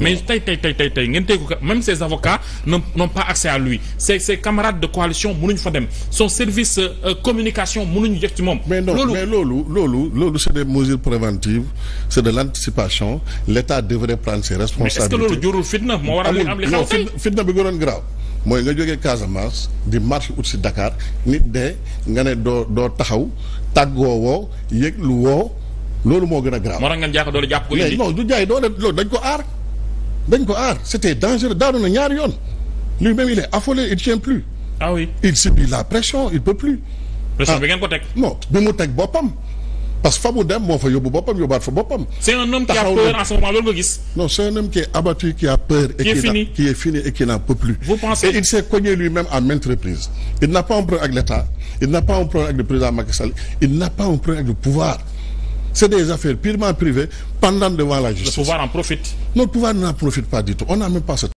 mais tey tey tey tey tey ngeen tey ko même ses avocats n'ont pas accès à lui ses ses camarades de coalition mënuñu fa dem son service euh, euh, communication mënuñu jot ci moom. mais non loolu loolu loolu c'est des mesures préventives c'est de l'anticipation l'État devrait prendre fitna moo waral li am li xew tey fitna bi mooy nga jógee Casamance di marche ut si Dakar nit de nga ne doo doo taxaw tàggoo woo yëglu woo loolu moo gën a grave. moo tax ngeen jaaxle doole jàpp ko indi. mais non du jaay doole loolu dañ ko aar. dañ ko aar c'était dangereux daanu na ñaari yoon lui-même il est affolé il tient plus. ah oui il subit la pression il peut plus. pression ah. bi ngeen ko teg. non bi mu teg boppam. parce que fa mu dem moo fa yóbbu boppam yóbbaat fa boppam. c'est un homme qui a peur en ce moment loolu nga gis. non c'est un homme qui est abattu qui a peur. et qui est fini et qui n'en peut plus. et il s'est cogné lui-même à maintes il n'a pas un problème avec l'État il n'a pas un problème avec le président Macky Sall il n'a pas un problème avec le c'est des affaires purement privées pendant devant la justice. Notre pouvoir n'en profite pas du tout. On n'a même pas ce